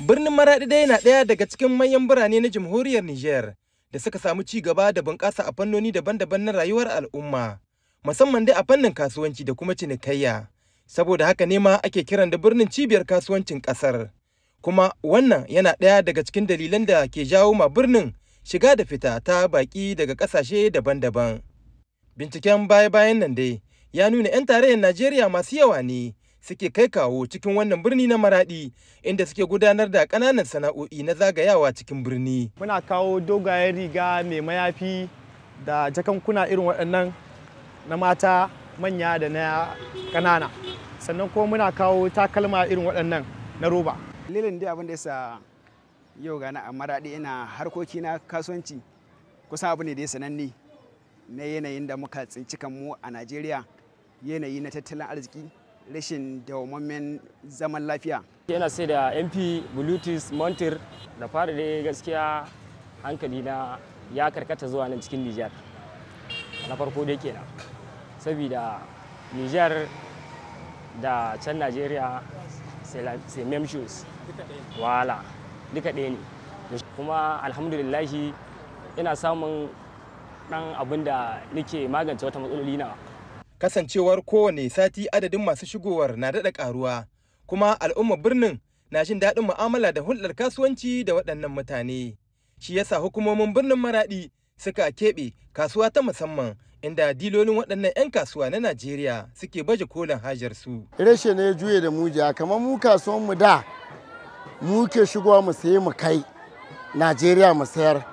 Birnin Maraɗi dai na ɗaya daga cikin manyan birane na jamhuriyar Nijar da suka samu ci gaba da bunƙasa a fannoni daban-daban na rayuwar al'umma, musamman dai a fannin kasuwanci da kuma cinikayya. Saboda haka ne ma ake kiran da birnin cibiyar kasuwancin ƙasar. Kuma wannan yana ɗaya daga cikin dalilan da ke jawo ma birnin shiga da fita ta baƙi daga ƙasashe daban-daban. Binciken baya-bayan nan dai ya nuna 'yan tarayyar Najeriya masu yawa ne suke kai kawo cikin wannan birni na Maradi inda suke gudanar da kananan sana'o'i na zagayawa cikin birni. Muna kawo dogayen riga mai mayafi da jakankuna irin waɗannan na mata manya da na ƙanana. Sannan kuma muna kawo takalma irin waɗannan na roba. Lilin dai abin da yasa yau gana a Maradi ina harkoki na kasuwanci kusan abu ne da ya sananne na yanayin da muka tsinci kanmu a Najeriya yanayi na tattalin arziki rashin dawamammen zaman lafiya. Yana sai da MP Bluetooth Montir da fara da gaskiya hankali na ya karkata zuwa nan cikin Nijar. Na farko dai kenan. Saboda Nijar da can Najeriya sai mem shoes. Wala. Duka ɗaya ne. Kuma alhamdulillahi ina samun ɗan abin da nake magance wata matsaloli na kasancewar kowane sati adadin masu shigowar na daɗa ƙaruwa kuma al'ummar birnin na jin daɗin mu'amala da hulɗar kasuwanci da waɗannan mutane shi yasa hukumomin birnin maraɗi suka keɓe kasuwa ta musamman inda dilolin waɗannan 'yan kasuwa na najeriya suke baje kolin hajarsu reshe ne juye da mujiya kamar mu kasuwan mu da mu ke shigowa mu saye mu kai najeriya mu sayar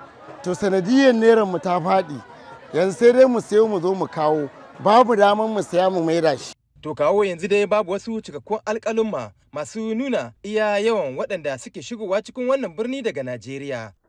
to sanadiyar neran mu ta faɗi yanzu sai dai mu sayo mu zo mu kawo babu damar mu saya mu maida shi to kawo yanzu dai babu wasu cikakkun alƙalumma masu nuna iya yawan waɗanda suke shigowa cikin wannan birni daga Najeriya